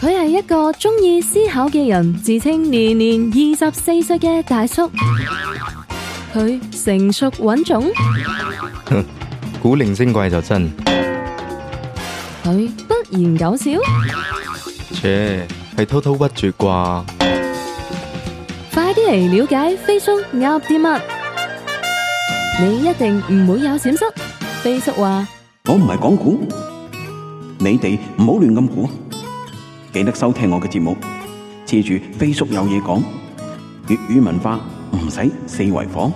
佢係一個鍾意思考嘅人，自稱年年二十四歲嘅大叔。佢成熟穩重，古靈精怪就真。佢不苟言笑，車，係滔滔不絕啩。快啲嚟了解飛叔噏啲乜，你一定唔會有閃失。飛叔話：我唔係講古，你哋唔好亂咁估。記得收聽我嘅節目，黐住飛叔有嘢講，粵語文化唔使四圍訪。